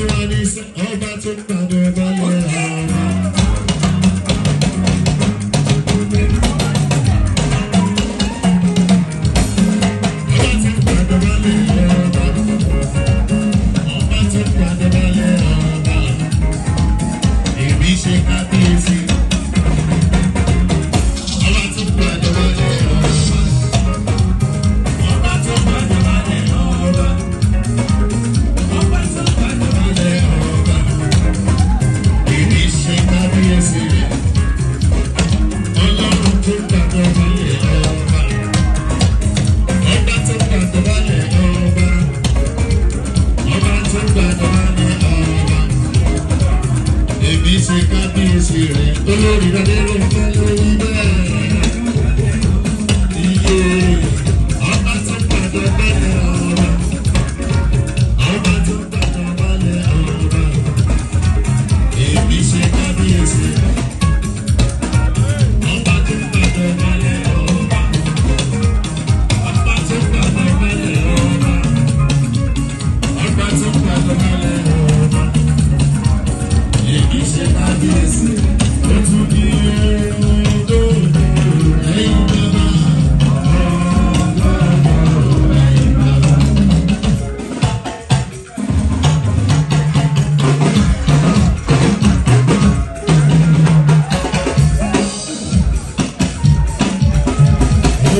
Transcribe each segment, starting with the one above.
tí wọ́n ní ọba tó ń pàdé balẹ̀. èmi ṣe kábíyèsí rẹ̀ olórí rẹ̀ ló ń fẹ́ lórí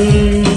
Thank you.